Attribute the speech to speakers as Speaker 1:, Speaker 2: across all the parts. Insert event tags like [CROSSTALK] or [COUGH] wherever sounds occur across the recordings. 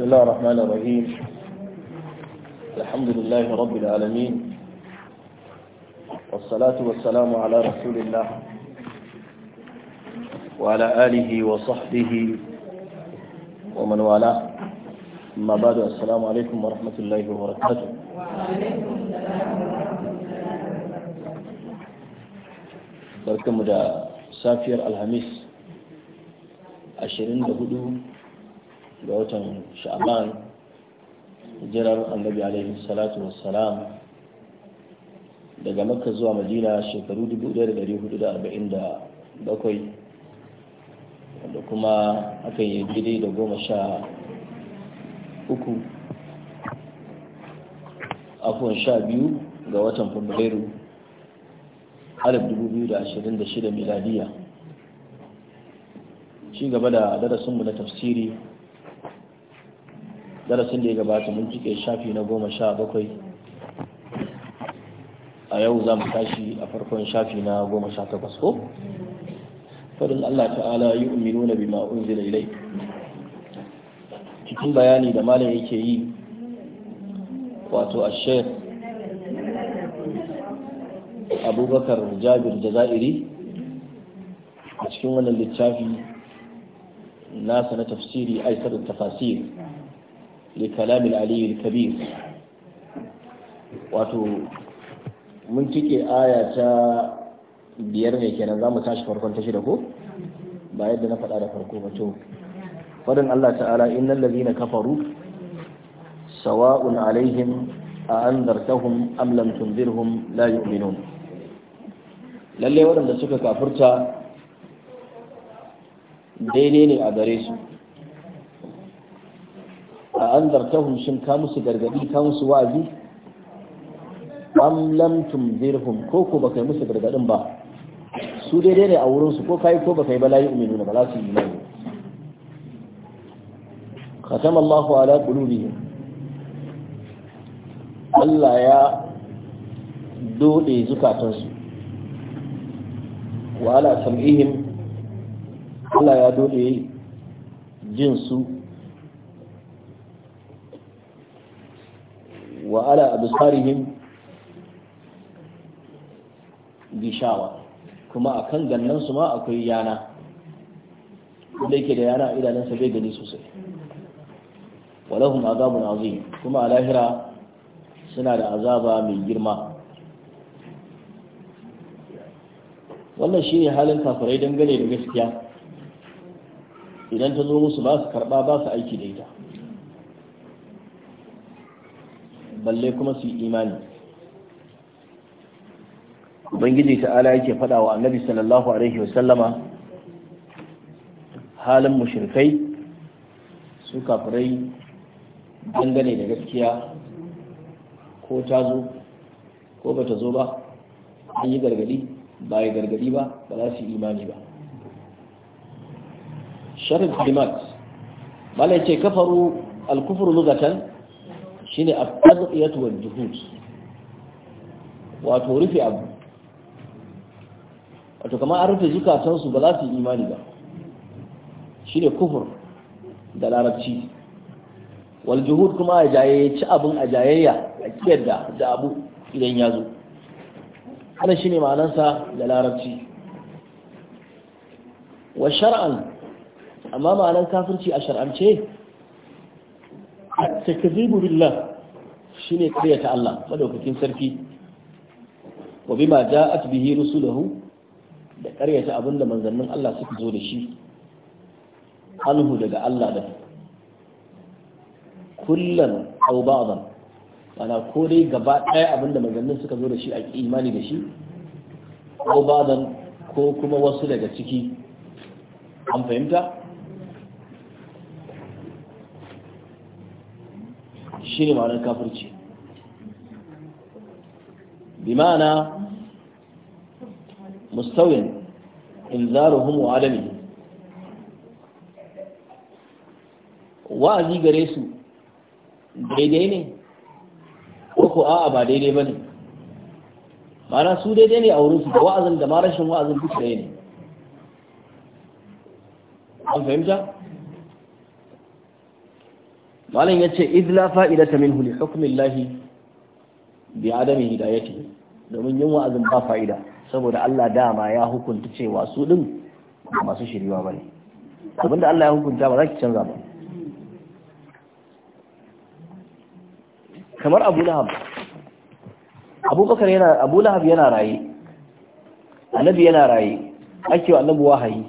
Speaker 1: بسم الله الرحمن الرحيم الحمد لله رب العالمين والصلاة والسلام على رسول الله وعلى آله وصحبه ومن والاه أما بعد السلام عليكم ورحمة الله وبركاته
Speaker 2: وعليكم السلام ورحمة الله
Speaker 1: وبركاته بركم دا سافير الهميس 24 ga watan sha'aban jirar annabi alaihi salatu wassalam daga makka zuwa madina shekaru 1447 wanda kuma aka yi gidi da goma sha uku afon sha biyu ga watan fabrairu 2026 miladiya ci gaba da darasinmu na tafsiri darasin da ya gabata mun cike shafi na goma sha bakwai a yau za mu tashi a farkon shafi na goma sha takwas ko fadin allah ta'ala yi umiru na bima unzila ilai cikin bayani da malam yake yi wato a abubakar jabir jaza'iri a cikin wannan littafi nasa na tafsiri aisar tafasir لكلام العلي الكبير واتو من تكي آية biyar ne kenan za mu tashi farkon ta shida ko ba yadda na faɗa da farko ba to fadin Allah ta'ala innal ladina kafaru sawa'un alaihim a anzartahum am lam tunzirhum la yu'minun lalle waɗanda suka kafurta daidai ne a gare su a an zartahum shin ka musu gargadi ka musu wa'azi am lam tunzirhum ko ko kai musu gargadin ba su daidai ne a wurin su ko kai ko baka yi ba la yu'minuna ba za su yi imani khatam Allahu ala qulubihim Allah ya dode zukatansu wa ala sam'ihim Allah ya dode jinsu wa a absarihim gishawa kuma akan gannan su ma akwai yana da yake da yana idanun sa bai gani sosai walahum azabun azim kuma a lahira suna da azaba mai girma wannan shine ne halin kafirai dangane da gaskiya idan ta zo musu ba su karba ba su aiki da ita balle kuma su yi imani ubangiji ta'ala yake faɗa wa annabi sallallahu alaihi wasallama halin mushrikai su kafirai dangane da gaskiya ko ta zo ko ba ta zo ba an yi gargadi ba yi gargadi ba ba za su yi imani ba sharif kalimat bala ce kafaru al-kufru lugatan shine at-tadqiyatu wal juhud wato rufe abu wato kama an rufe zukatansu ba za su yi imani ba Shi ne kufur da larabci wal kuma a ci abin a jayayya a kiyar da abu idan ya zo ana ne ma'anarsa da larabci wa shar'an amma ma'anar kafirci a shar'ance takzibu billah shine ta Allah madaukakin sarki wa bima ja'at bihi rusuluhu da karyata abinda manzannin Allah suka zo da shi anhu daga Allah da kullan aw ba'dan ana ko dai gaba ɗaya abinda manzannin suka zo da shi a imani da shi aw ba'dan ko kuma wasu daga ciki an fahimta ne ma'anar kafirci bi ma'ana mustawin inzaruhum wa alami wa'azi gare su daidai ne ko a'a ba daidai ba ne? ma'ana su daidai ne a wurin su da wa'azin da ma rashin wa'azin duk ne an fahimta malam ce id la ta min huli, hukumin lahi, bi adami hidayati domin yin wa'azin ba fa'ida saboda Allah dama ya hukunta cewa su din masu shiriwa bane abinda Allah ya hukunta ba za ki canza ba kamar Abu Lahab Abubakar yana Abu Lahab yana raye Annabi yana raye ake wa Annabi wahayi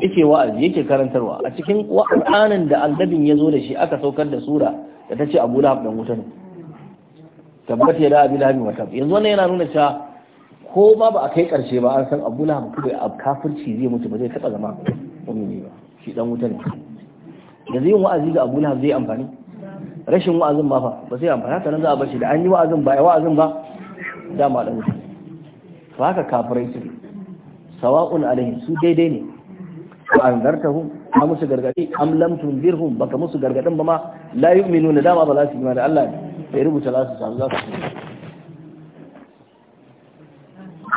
Speaker 1: yake wa'azi yake karantarwa a cikin qur'anin da annabin ya zo da shi aka saukar da sura da ta ce abu lahab dan wuta ne tabbata ya da abu lahab wa tab yanzu wannan yana nuna cewa ko ba ba a kai karshe ba an san abu lahab kai a kafirci zai mutu ba zai taba zama mu'mini ba shi dan wuta ne da zai wa'azi ga abu lahab zai amfani rashin wa'azin ba fa ba sai amfani haka nan za a bar shi da an yi wa'azin ba ya wa'azin ba dama dan wuta ba haka kafirai su sawa'un alaihim su daidai ne wa anzartahum a musu gargadi am lam tunzirhum baka musu gargadin ba ma la yu'minuna dama ba za su yi da Allah ya rubuta za su samu za su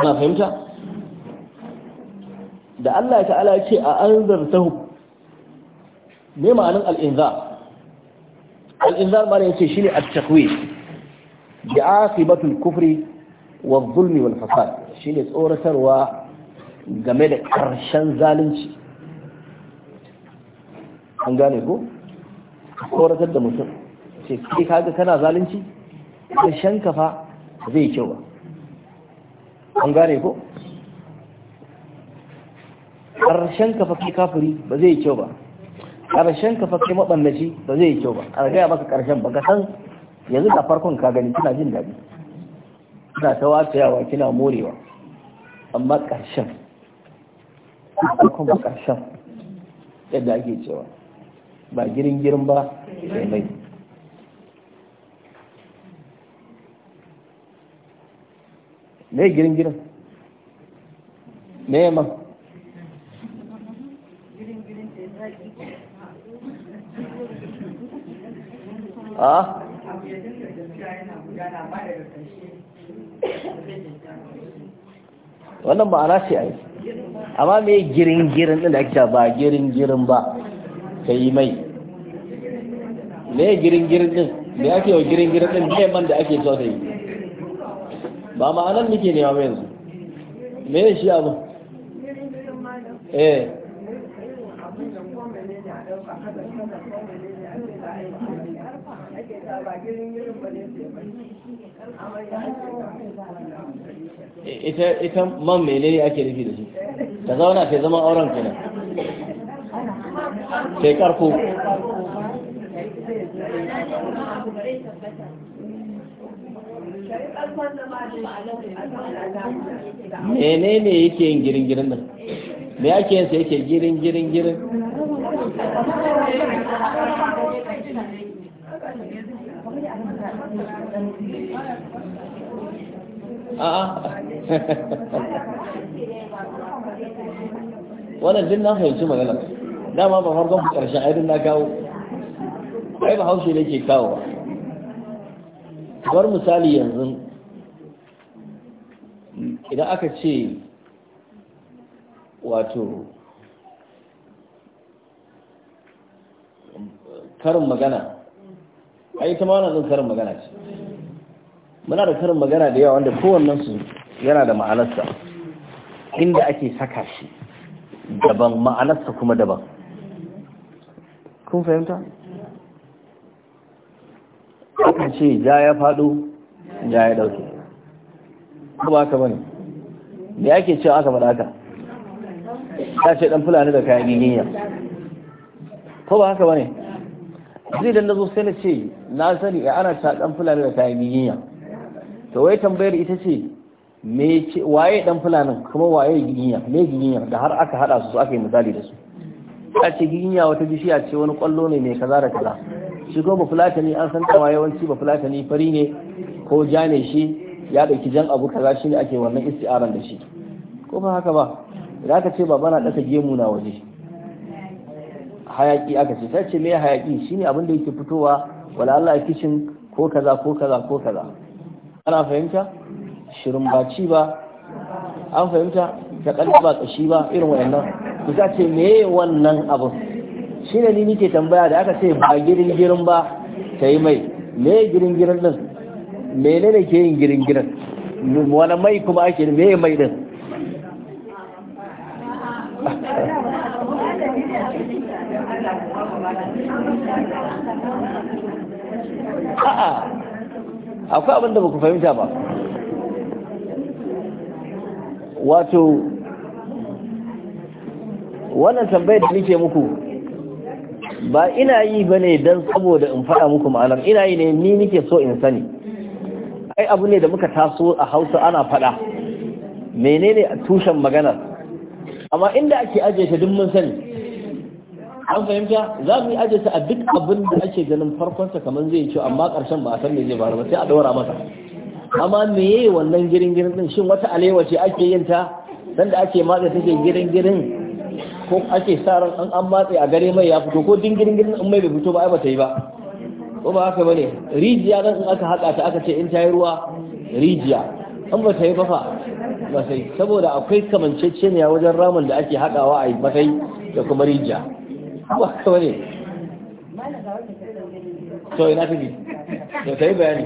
Speaker 1: ana fahimta da Allah ta'ala ya ce a anzartahum me ma'anin al-inzar al-inzar ma ne yace shine at-takwir bi aqibatul kufri wa zulmi wal fasad shine tsoratarwa game da karshen zalunci an gane ko tsoratar da mutum ce kai kaga kana zalunci shanka kafa zai kyau an gane ko ƙarshen kafa kai kafiri ba zai kyau ba ƙarshen kafa kai mabannaci ba zai kyau ba a gaya maka karshen ba ka san yanzu da farkon ka gani kina jin daɗi kina ta wacewa kina morewa amma karshen farkon ba karshen yadda ake cewa ba girin girin ba sai mai me girin girin me ma a wannan ma'ana ce a yi amma me girin girin ɗin da ake ba girin girin ba Ka yi mai
Speaker 2: me girin girin din me ake wa girin girin din me man da ake so ta yi ba ma'anar nake
Speaker 1: nema mai yanzu me ne shi abu eh ita man mai menene ake nufi da shi ka zauna ta zama auren kenan
Speaker 2: sai karko menene yake
Speaker 1: yin girin girin nan da yake yin yake girin girin girin wannan din na fahimci magana dama ba farkon ku karshen aidin na kawo ai ba haushe da ke kawo bar misali yanzu idan aka ce wato karin magana ai ta mawana zan karin magana ce muna da karin magana da yawa wanda kowannensu yana da ma'anarsa inda ake saka shi daban ma'anarsa kuma daban kun fahimta aka ce ja ya faɗo ja ya ɗauke ko ba haka bane da yake cewa aka faɗa ka ya ce ɗan fulani da kayan giniya ko ba haka bane zai dan nazo sai na ce na sani ya eh, ana ta ɗan fulani da kayan giniya to wai tambayar ita ce me ce waye ɗan fulanin kuma waye giniya me giniya da har aka haɗa su aka yi misali da su a ce giginya wata bishiya ce wani kwallo ne mai kaza da kaza shi ko bafulatani an san cewa yawanci bafulatani fari ne ko ja ne shi ya ɗauki jan abu kaza shi ne ake wannan isti'aran da shi ko ba haka ba idan aka ce ba bana ɗaka gemu na waje hayaki aka ce ta ce me hayaki shine abin da yake fitowa wala Allah kishin ko kaza ko kaza ko kaza ana fahimta shirin baci ba an fahimta ta kalli ba kashi ba irin waɗannan. ku za ce meye wannan abin shi ne ni nike tambaya da aka ce ba girin girin ba ta yi mai meye girin girin nan? mene ne ke yin girin girin wani mai kuma ake meye mai din
Speaker 3: akwai abinda ba ku
Speaker 2: fahimta ba
Speaker 1: wato wannan tambayar da nake muku ba ina yi ba ne don saboda in faɗa muku ma'anar ina yi ne ni nake so in sani ai abu ne da muka taso a hausa ana faɗa menene a tushen maganar amma inda ake aje shi duk mun sani an fahimta za mu yi ajiye ta a duk abin da ake ganin farkonsa kamar zai ci amma ƙarshen ba a san me zai faru ba sai a daura masa amma me meye wannan girin girin din shin wata alewa ce ake yin ta dan ake matsa take girin girin ko ake sa ran an an matse a gare mai ya fito ko dingirin girin in mai bai fito ba ai ba ta yi ba ko ba haka bane rijiya nan in aka haƙa ta aka ce in ta yi ruwa rijiya an ba ta yi ba fa ba sai saboda akwai kamanceceniya wajen ramin da ake hakawa a matsayi da kuma rijiya ba haka bane
Speaker 2: ta yi bayani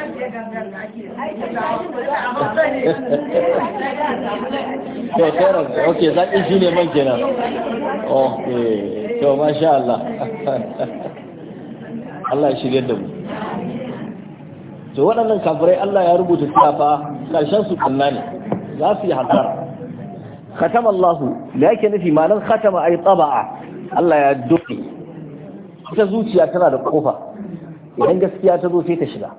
Speaker 2: to sauran ok zaƙi shi ne man kenan ok to masha Allah [LAUGHS] Allah ya
Speaker 1: shirya da mu to waɗannan kafirai Allah ya rubuta tsafa ƙarshen su kanna ne za su yi hasara khatam Allahu da yake nufi malan khatama ay taba'a Allah ya doke ita zuciya tana da kofa idan gaskiya ta zo sai ta shiga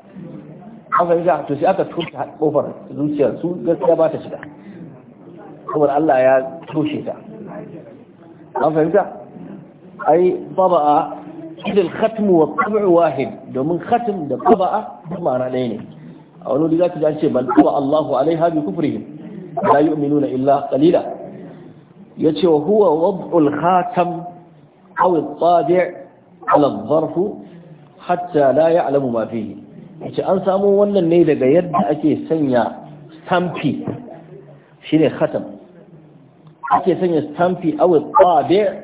Speaker 1: an fahimta to sai aka toshe kofar zuciyar su gaskiya ba ta shiga saboda Allah ya toshe ta an fahimta ai baba a idil khatmu wa tab'u wahid domin khatm da baba'a duk ma'ana ɗaya ne a wani wuri za ta an ce bal tuwa Allahu alaiha bi kufrihim la na illa qalila yace wa huwa wad'ul khatam aw at-tabi' ala hatta la ya'lamu ma fihi ce an samu wannan ne daga yadda ake sanya stampi shi ne khatam ake sanya stampi awa tsabe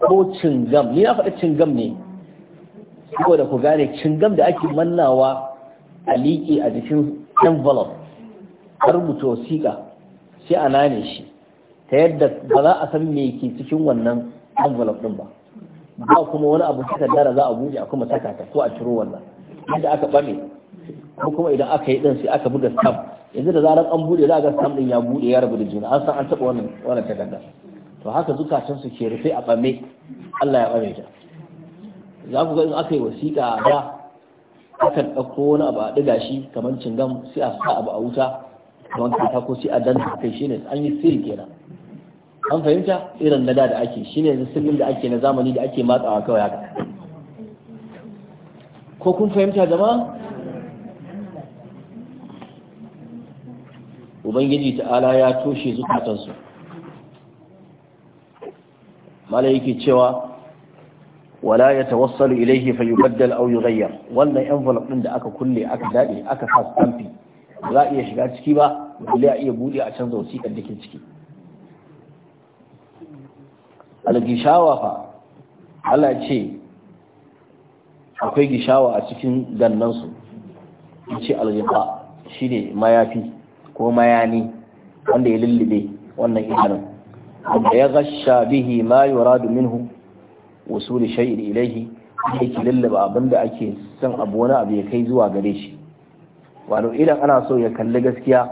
Speaker 1: ko cingam ni na faɗi cingam ne ko da ku gane cingam da ake mannawa a liƙi a jikin envelope a rubuta wasiƙa sai a nane shi ta yadda ba za a san me ke cikin wannan envelope ɗin ba ba kuma wani abu dara za a buɗe a kuma takata ko a ciro wannan da aka bame ko kuma idan aka yi din sai aka buga stamp yanzu da zarar an bude za ga stamp din ya bude ya rabu da juna an san an taba wannan wannan takarda to haka zukatan su ke rufe a bame Allah ya bame ta za ku ga in aka yi wasiƙa da aka ɗauko wani abu a ɗiga shi kamar cingam sai a sa abu a wuta kamar kanta ko sai a danta kai shine an yi sirri kenan an fahimta irin na da da ake shine yanzu sirrin da ake na zamani da ake matsawa kawai haka ko kun fahimta jama'a ubangiji ta'ala ya toshe zukatansu mala yake cewa wala ya tawassalu ilaihi fa yubaddal aw yughayyar wannan envelope din da aka kulle aka dade aka sa stamp za a iya shiga ciki ba dole a iya bude a canza wasiƙar da ciki algishawa fa Allah ce akwai gishawa a cikin gannansu ce shi shine mayafi ko mayani wanda ya lullube wannan idanun wanda ya gasha bihi ma yuradu minhu wasul ilaihi, ilayhi yake lullube abinda ake son abu wani abu ya kai zuwa gare shi wato idan ana so ya kalli gaskiya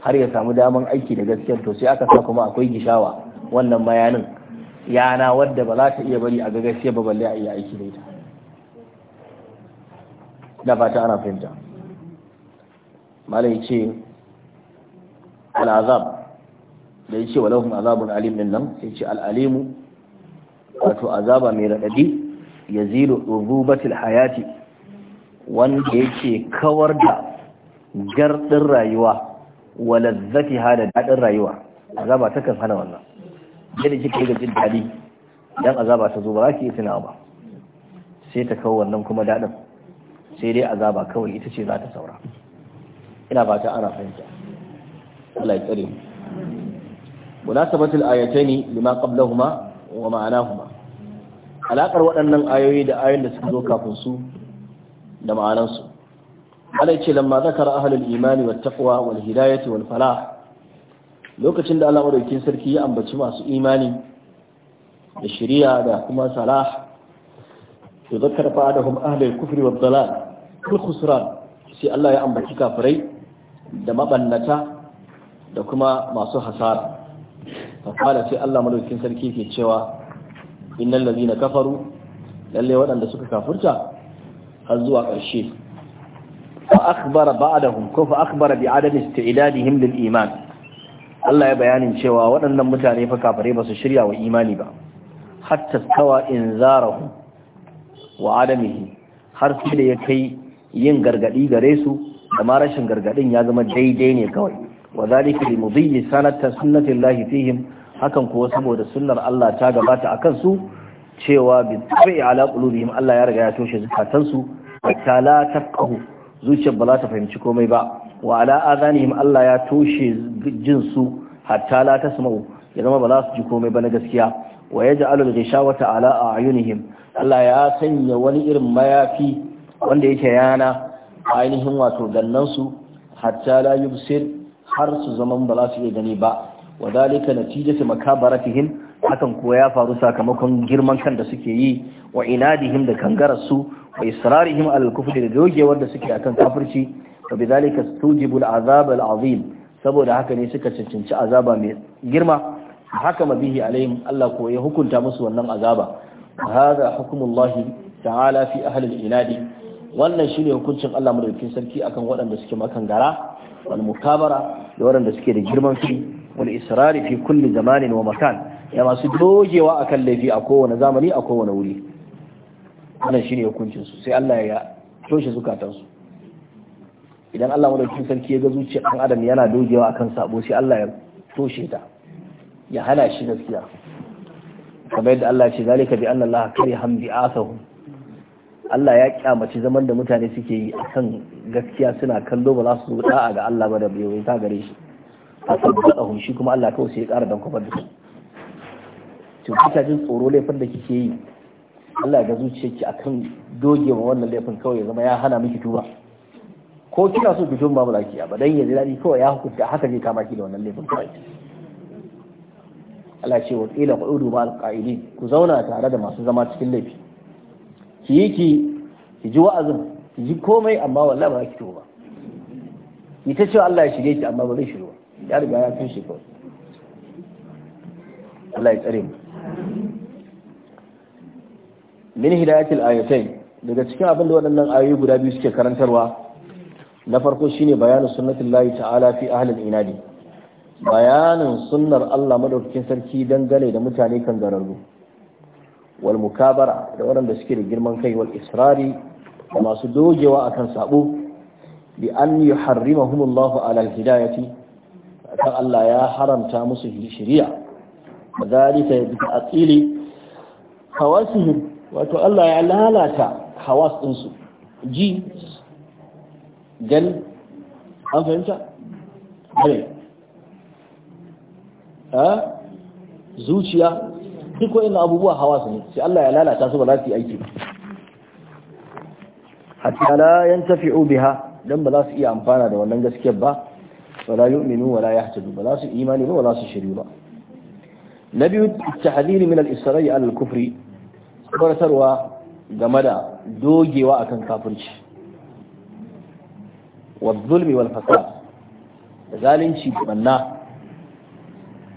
Speaker 1: har ya samu daman aiki da gaskiya, to sai aka sa kuma akwai gishawa wannan mayanin yana wadda ba za ta iya bari a ga gaskiya ba balle a iya aiki da ita na fata ana fahimta malai ce al'azab da ya ce wa azabun alim nan sai ce al'alimu wato azaba mai raɗaɗi ya zilo rubatil hayati wanda yake kawar da gardin rayuwa wa lazzati da daɗin rayuwa azaba ta kan hana wannan yadda kika yi ga jin daɗi dan azaba ta zo ba za ki yi tunawa ba sai ta kawo wannan kuma daɗin sai dai azaba kawai ita ce za ta saura ina ba ta ana fahimta Allah ya tsare mu munasabatul ayataini lima qablahuma wa ma'anahuma alakar waɗannan ayoyi da ayoyin da suka zo kafin su da ma'anansu Allah ce lamma zakara ahlul imani wat taqwa wal hidayati wal falah lokacin da Allah madaukakin sarki ya ambaci masu imani da shari'a da kuma salah to zakkar fa da hum ahlul kufri wad dalal Kar kusura sai Allah ya ambaci kafirai da mabannata da kuma masu hasara fafala sai Allah madaukakin sarki ke cewa innal ladina kafaru lalle waɗanda suka kafurta har zuwa ƙarshe fa akhbara ba'dahum ko fa akhbara bi adadi isti'dadihim lil iman Allah ya bayanin cewa waɗannan mutane fa kafare ba su shirya wa imani ba hatta tawa in zara wa adamihi har sai da ya kai yin gargadi gare su da ma rashin gargadin ya zama daidai ne kawai wa zalika li mudhi sanata sunnatillahi fihim hakan kuwa saboda sunnar Allah ta gabata akan su cewa bi tabi'i ala qulubihim Allah ya riga ya toshe zukatan su hatta la tafqahu zuciyar ba za ta fahimci komai ba wa ala adanihim Allah ya toshe jin su hatta la tasma'u ya zama ba za su ji komai ba na gaskiya wa yaj'alu al-ghishawata ala a'yunihim Allah ya sanya wani irin mayafi wanda yake yana ainihin wato gannansu hatta la yubsir har su zaman ba za su iya gani ba wa dalika natijatu makabaratihim hakan kuwa ya faru sakamakon girman kan da suke yi wa inadihim da kangararsu wa israrihim al kufri da dogewar da suke akan kafirci wa bidhalika stujibu al azab al azim saboda haka ne suka cancanci azaba mai girma haka mabihi alaihim Allah ko ya hukunta musu wannan azaba hada hukumullahi ta'ala fi ahli al inadi wannan shine hukuncin Allah madaukakin sarki akan waɗanda suke makan gara wal mukabara da waɗanda suke da girman fi wal israri fi kulli zamanin wa makan ya masu dogewa akan laifi a kowane zamani a kowane wuri wannan shine hukuncin su sai Allah ya toshe zukatansu idan Allah madaukakin sarki ya ga zuciyar ɗan adam yana dogewa akan sabo sai Allah ya toshe ta ya hana shi gaskiya kamar yadda Allah ya ce zalika bi anna Allah karihan bi'athahu Allah ya kyamaci zaman da mutane suke yi akan gaskiya suna kallo ba za su zo da'a ga Allah ba da bai ta gare shi a sabbata shi kuma Allah kawai sai ya ƙara dan kofar da su to jin tsoro laifin da kike yi Allah ga zuciyarki akan dogewa wannan laifin kawai ya zama ya hana miki tuba ko kina so ki tuba ba za ki ba dan ya ji kawai ya hukunta haka zai kama ki da wannan laifin kawai Allah ce wa ƙila ku'udu ma al ku zauna tare da masu zama cikin laifi ki yi ki ki ji wa'azin ki ji komai amma wallahi ba ki ba ki ta cewa Allah ya shige ki amma ba zai shigo. ya riga ya kan shi Allah ya tsare mu min hidayatil ayatain daga cikin abin da waɗannan ayoyi guda biyu suke karantarwa na farko shine bayanin sunnatin layi ta'ala fi al inadi bayanin sunnar Allah madaukakin sarki dangane da mutane kan gararru wal mukabara da waɗanda suke da girman kai wal israri da masu dogewa akan saɓo. bi an yuharrimahumullahu Alal Hidayati. kan Allah ya haramta musu shiriya wadalika yadda atili hawasihim wato Allah ya lalata hawas ɗinsu ji gani an fahimta? ne zuciya duk ina abubuwa hawa su ne sai Allah ya lalata su ba za su yi aiki ba hatta la yantafi'u biha dan ba za su iya amfana da wannan gaskiyar ba wala yu'minu wala yahtadu ba za su imani ba wala su shiri ba na biyu tahdhir min al-isra'i al-kufri kwartarwa game da dogewa akan kafirci wa zulmi wal fasad zalunci banna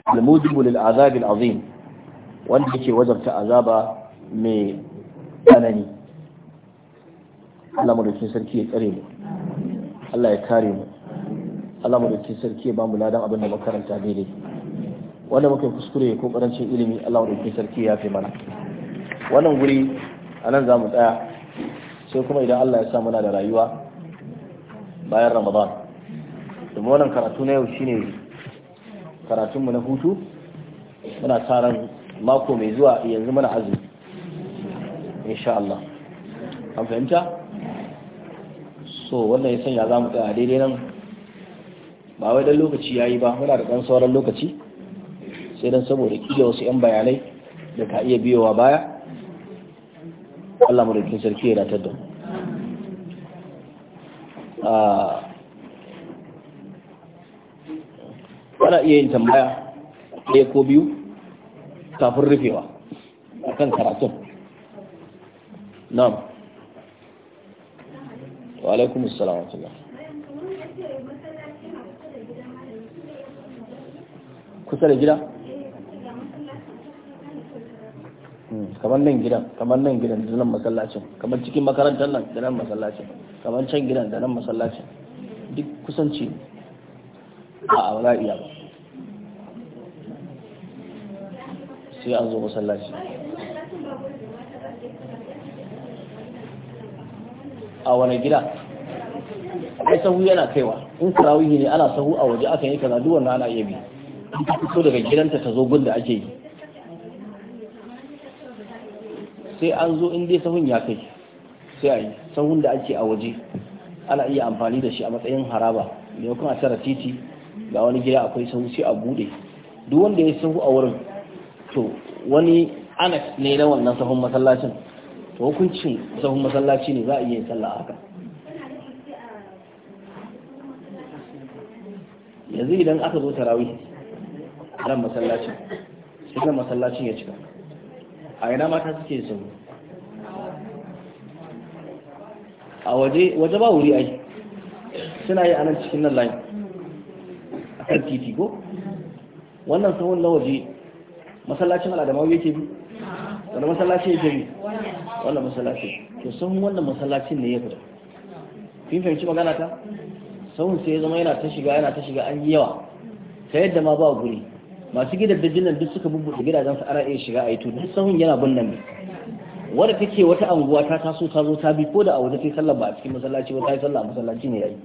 Speaker 1: al-mujibu lil azab al-azim wanda yake wajabta azaba mai tsanani Allah madaukin sarki ya tsare mu Allah ya kare mu Allah madaukin sarki ya bamu ladan abin da makaranta daidai wanda muke kuskure ko karancin ilimi Allah madaukin sarki ya fi mana wannan guri a nan za tsaya sai kuma idan Allah ya sa muna da rayuwa bayan Ramadan domin wannan karatu na yau shine karatunmu na hutu muna sa ran mako mai zuwa yanzu muna azumi insha Allah an fahimta so wannan ya sanya za mu tsaya daidai nan ba wai dan lokaci yayi ba muna da ɗan sauran lokaci sai dan saboda kiyaye wasu 'yan bayanai da ka iya biyowa baya Allah mu sarki ya datar da ah, ana iya yin tambaya ɗaya ko biyu kafin rufewa a kan karatun na'am wa alaikum assalam wa kusa da gida hmm, kamar nan gidan kamar nan gidan da nan masallacin kamar cikin makarantar nan da nan masallacin kamar can gidan da nan masallacin duk kusanci a a wala iya ba sai an zo masallaci a wani gida ai sahu yana kaiwa in sarawihi ne ana sahu a waje aka yi kaza duk wannan ana iya bi in ta fito daga gidanta ta zo gun da ake yi sai an zo in dai sahun ya kai sai a yi sahun da ake a waje ana iya amfani da shi a matsayin haraba maimakon a tara titi ga wani gida akwai sahu sai a bude duk wanda ya sahu a wurin to wani anas ne na wannan sahun masallacin to hukuncin sahun masallaci ne za a iya yin sallah haka
Speaker 2: yanzu idan aka
Speaker 1: zo tarawih ran masallacin sai kan masallacin ya cika a ina mata suke sun a waje waje ba wuri ai suna yi anan cikin nan layin a kan titi ko wannan sahun na waje masallacin al'adamawa yake bi wanda masallaci yake bi wanda masallaci to sun wanda masallacin ne ya fita kin fahimci magana ta sahun sai ya zama yana ta shiga yana ta shiga an yi yawa ta yadda ma ba guri masu gidajen nan duk suka bubbuɗe gidajen su ana iya shiga a yi to duk sahun yana bin nan wadda take wata anguwa ta taso ta zo ta bi ko da a waje sai sallah ba a cikin masallaci ba ta yi sallah a masallaci ne yi.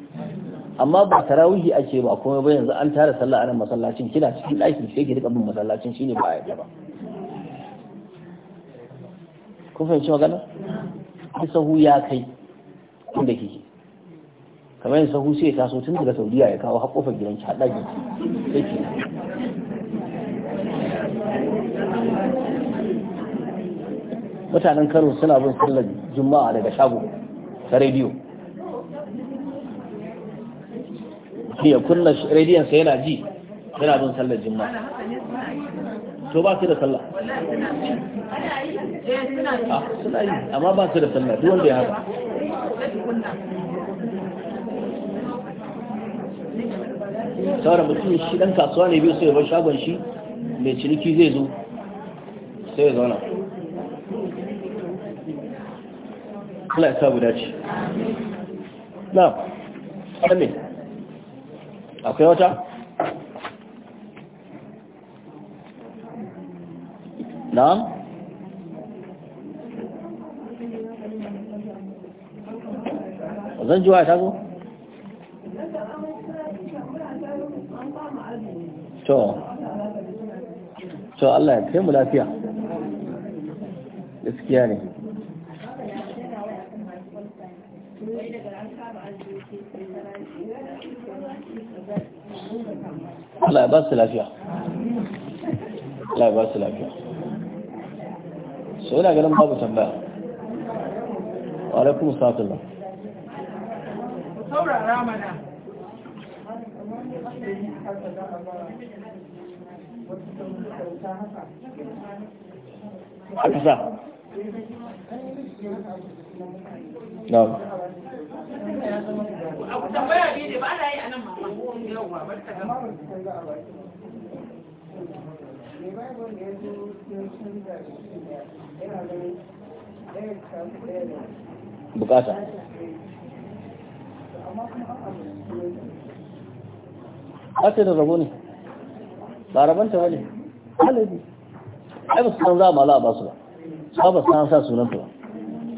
Speaker 1: amma ba tarawihi ake ba kuma ba yanzu an tara sallah a nan masallacin kina cikin ɗakin sai ke rika bin masallacin shine ba a yadda ba kun fahimci magana ki sahu ya kai inda kike kamar yin sahu sai ya taso tun daga saudiya ya kawo haƙofar gidanki haɗa gidanki sai ki mutanen kano suna bin sallar juma'a daga shago ta rediyo ya kunna rediyon sa yana ji yana bin sallar jimma
Speaker 2: to ba su da sallah ah, suna yi amma ba su da sallah duk wanda ya haka saboda mutum shi dan kasuwa ne biyu sai
Speaker 1: bar shagon shi mai ciniki zai zo sai ya zauna
Speaker 2: Allah ya sa guda ce
Speaker 1: na ne. akwai wata Na? zan ji waya ta zo
Speaker 2: to to Allah ya kai mu lafiya gaskiya ne باس لا فيها
Speaker 1: لا باس لا فيها سؤال قال ما بس بقى وعليكم السلام الله
Speaker 2: ثورة رامنا أكسا نعم bukata
Speaker 1: ake da rabo ne ba rabanta wani halibi halabi ai ba su san za a mala ba su ba sa ba san sa sunanta ba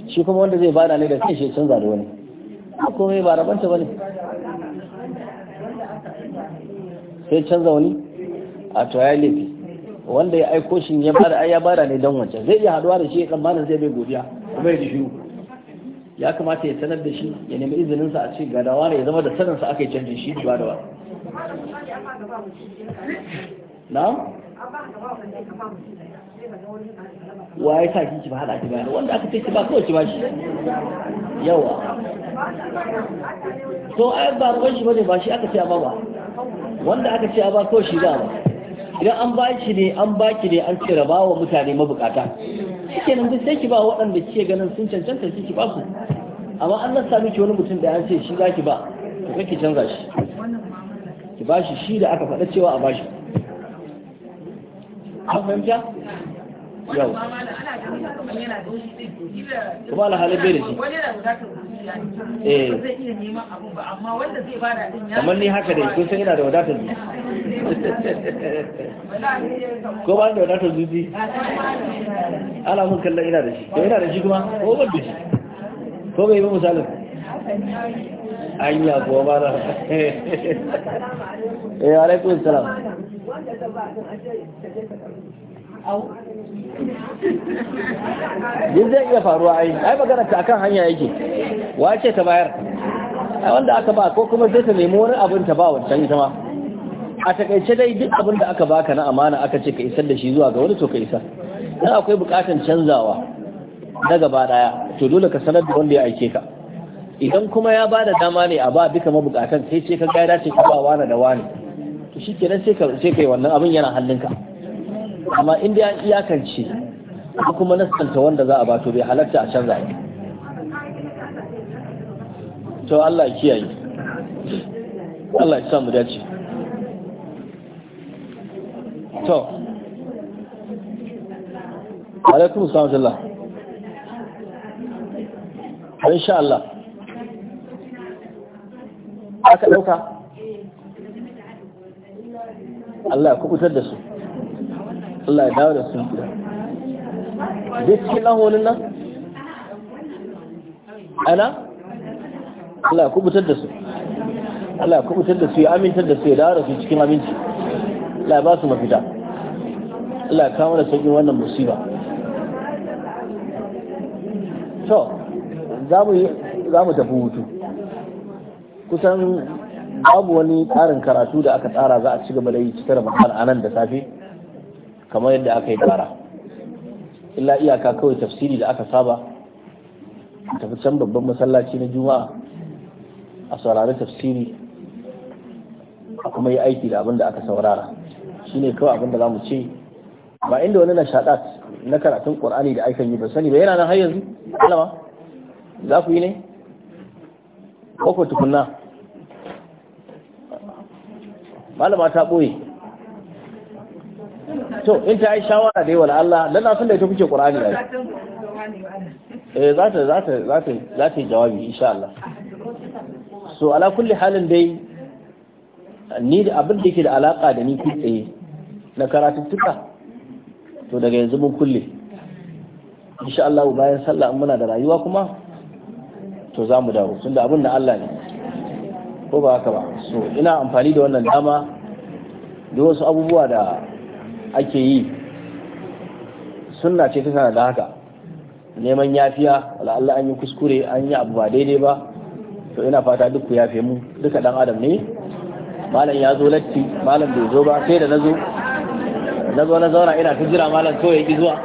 Speaker 1: shi kuma wanda zai bada ne da kan shi canza da wani komai ba rabanta wani sai canza wani a to ya laifi wanda ya aiko shi ya bada ya bada ne dan wancan zai iya haduwa da shi ya tsammanin zai bai godiya kuma ya ji shiru ya kamata ya sanar da shi ya nemi izinin sa a ce ga dawa ne ya zama da sanin sa aka yi canjin shi ba da ba
Speaker 2: Na wa ya sa kiki ba hada ki ba wanda aka ce ki ba kawai ki ba shi yawa to ai ba kawai shi bane ba shi aka ce ba ba wanda aka ce a ba ko shi za ba
Speaker 1: idan an ba shi ne an baki ne an cire ba wa mutane mabukata shikenan duk sai ki ba waɗanda kike ganin sun cancanta ki ba su amma an lissa miki wani mutum da an ce shi za ki ba to kai ki canza shi ki ba shi shi da aka faɗa cewa a bashi. shi
Speaker 2: an fahimta yau
Speaker 3: kuma alhalin bai da shi eh kamar ni haka dai kun san ina da wadatar zuci
Speaker 1: ko ba da wadatar zuci
Speaker 2: ala mun kallon ina da shi ko ina da shi kuma ko ban da shi
Speaker 1: ko bai ba misalin
Speaker 2: an yi abuwa ba da eh alaikun salam duk
Speaker 1: zai iya faruwa ai ai magana ta akan hanya yake wace ta bayar ai wanda aka ba ko kuma sai ta nemi wani abin ta ba wancan ita ma a takaice dai duk abin da aka baka na amana aka ce ka isar da shi zuwa ga wani to ka isar dan akwai bukatun canzawa na gaba daya to dole ka sanar da wanda ya aike ka idan kuma ya bada dama ne a ba duka mabukatan sai ce ka ga ya dace ka ba wani da wani to shikenan sai ka sai kai wannan abin yana hannunka amma in dai an iyakance ko kuma nasanta wanda za a ba to bai halatta a canza ba to Allah kiyaye Allah ya samu mu dace to alaikum salam insha Allah aka dauka
Speaker 2: Allah ya kubutar
Speaker 1: da su Allah ya dawo da su gida duk cikin lahonin nan ana Allah ya kubutar da su Allah ya kubutar da su ya amintar da su ya dawo da su cikin aminci Allah ya ba su mafita Allah ya kama da sauƙin wannan musiba to za mu tafi hutu kusan babu wani tsarin karatu da aka tsara za a ci gaba da yi cikin ramadan a nan da safe kamar yadda aka yi bara illa iyaka kawai tafsiri da aka saba tafi can babban masallaci na juma'a a saurari tafsiri a kuma yi aiki da abin da aka saurara Shi ne kawai abin da za mu ce ba inda wani na shaɗat na karatun ƙur'ani da aikan yi ba sani ba yana nan har yanzu alama za ku yi ne ko tukunna malama ta ɓoye
Speaker 2: to in ta yi shawara
Speaker 1: dai wala Allah dan na san da ita kuke Qur'ani ai eh za ta za ta za ta za ta yi jawabi insha Allah so ala kulli halin dai ni da abin da yake da alaka da ni kai tsaye na karatuttuka to daga yanzu mun kulle insha Allah bayan sallah muna da rayuwa kuma to za mu dawo tunda abin da Allah ne ko ba haka ba so ina amfani da wannan dama da wasu abubuwa da ake yi sunna ce ta sana da haka neman yafiya wala an yi kuskure an yi abu ba daidai ba to ina fata duk ku yafe mu duka dan adam ne malam ya zo latti malam bai zo ba sai da na zo na zo zauna ina ta jira malam to ya ki zuwa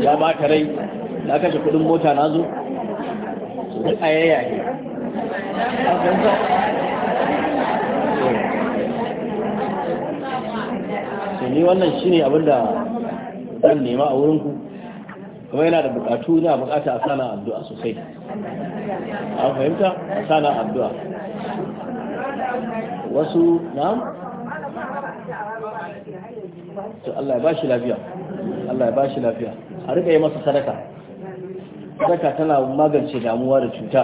Speaker 1: ya ba ta rai na kashe kudin mota na zo duk ayayya
Speaker 2: ni wannan shine abin da zan nema a wurin
Speaker 1: ku kuma yana da bukatu na bukata a sana addu'a sosai
Speaker 2: a fahimta a sana addu'a wasu na to Allah ya bashi lafiya Allah ya bashi lafiya a rika yi masa sadaka
Speaker 1: sadaka tana magance damuwa da cuta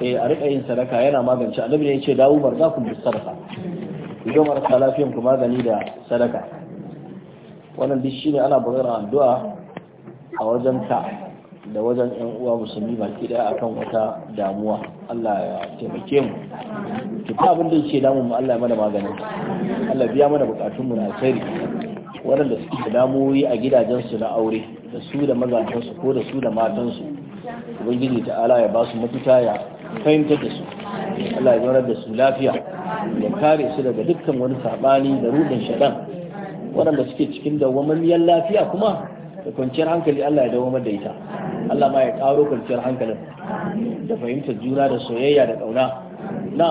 Speaker 1: eh a rika yin sadaka yana magance annabi ne ya ce dawo ku bi sadaka yau marasa lafiyan ku magani da sadaka wannan duk shi ne ana buƙatar addu'a a wajen ta da wajen yan uwa musulmi baki daya akan wata damuwa Allah ya taimake mu to ta abin da yake damu mu Allah ya mana maganin Allah biya mana bukatun mu na Wannan waɗanda suke da damuwoyi a gidajensu na aure da su da su ko da su da matansu ubangiji ta'ala ya ba su mafita ya fahimtar da su Allah ya zaunar da su lafiya
Speaker 2: ya kare su
Speaker 1: daga dukkan wani sabani da rudin shaɗan waɗanda suke cikin dawwamammiyar lafiya kuma da kwanciyar hankali Allah ya dawwamar da ita Allah ma ya ƙaro kwanciyar hankalin da fahimtar juna da soyayya da ƙauna na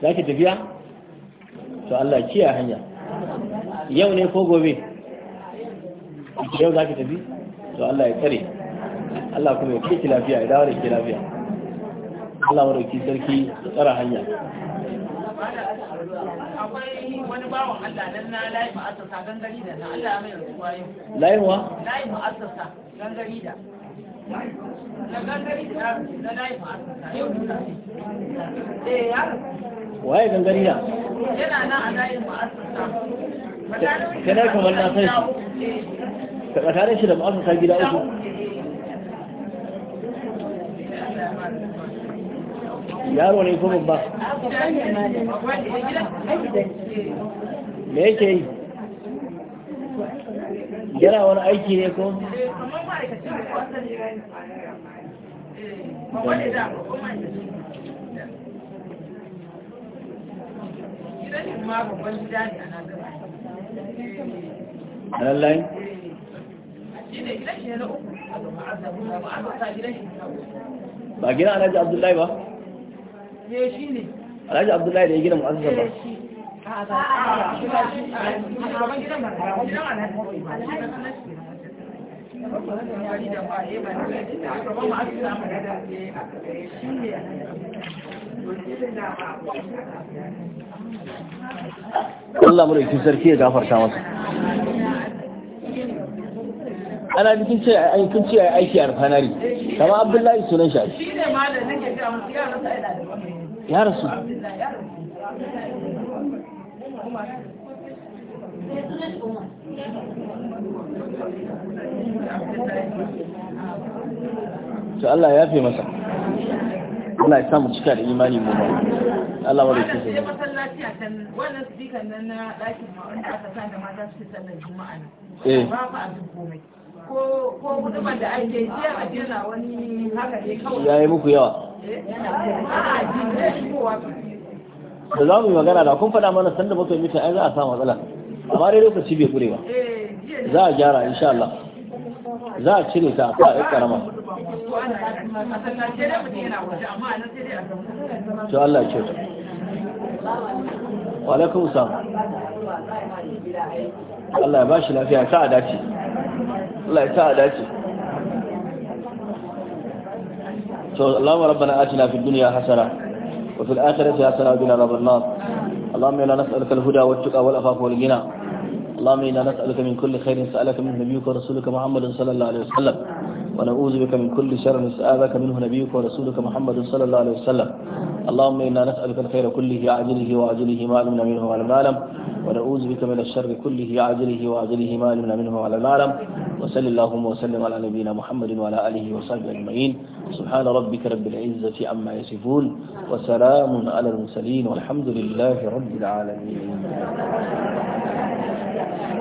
Speaker 1: za ki tafiya
Speaker 3: to Allah kiyaye hanya
Speaker 2: yau ne ko gobe yau za ki tafi
Speaker 1: to Allah ya tsare Allah kuma ya kai ki lafiya ya dawo da ke lafiya Allah wa dauki sarki da tsara hanya
Speaker 3: Akwai wani bawan Allah dan na layi ma'asasa gangari da na Allah mai rasuwa yau. Layi wa? Layi ma'asasa gangari da. Na gangari da na layi ma'asasa yau duka. Eh ya Waye gangari da? Yana na a layin ma'asasa.
Speaker 2: Kana kamar na san shi.
Speaker 1: Tsakanin shi da ma'asasa gida uku.
Speaker 2: yaro ne ko babba me yake yi yana wani aiki ne ko
Speaker 1: lallai
Speaker 3: ba gina alhaji abdullahi ba alhaji abdullahi da ya gina mu'azzar ba
Speaker 2: Allah mulkin sarki ya gafarta masa
Speaker 1: ana cikin ce ai kun ce ai aiki a refinery kama abdullahi sunan shi
Speaker 3: shi ne ma da nake ce a musu yaran sa ina da ya rasu
Speaker 2: Allah
Speaker 1: ya fi masa Allah ya samu cika da imani mu ba Allah wa rikin sai
Speaker 2: masallaci wannan na
Speaker 3: mata su juma'a ne ba ya yi muku yawa eh?
Speaker 1: da za mu yi magana da kun faɗa mana sanda muka yi mita ai za a samu matsala amma dai lokaci bai kure ba eh, za a gyara insha Allah za a cire ta a ya karama
Speaker 3: to Allah ya ce. wa alaikum salam
Speaker 2: Allah ya bashi lafiya ta a dace laita a dace Allahumma rabbana atina fid dunya hasana wa fil akhirati
Speaker 1: hasana wa qina adhaban Allahumma inna nas'aluka al-huda wat-taqwa wal-afafa wal-ghina Allahumma inna nas'aluka min kulli khairin sa'alaka minhu nabiyyuka wa rasuluka Muhammadin sallallahu alaihi wasallam ونعوذ بك من كل شر نسألك منه نبيك ورسولك محمد صلى الله عليه وسلم اللهم إنا نسألك الخير كله عاجله وعاجله ما علمنا منه وعلى لم ونعوذ بك من الشر كله عاجله وعاجله ما علمنا منه وعلى لم نعلم وصل اللهم وسلم على نبينا محمد وعلى آله وصحبه أجمعين سبحان ربك رب العزة عما يصفون وسلام على المرسلين والحمد لله رب العالمين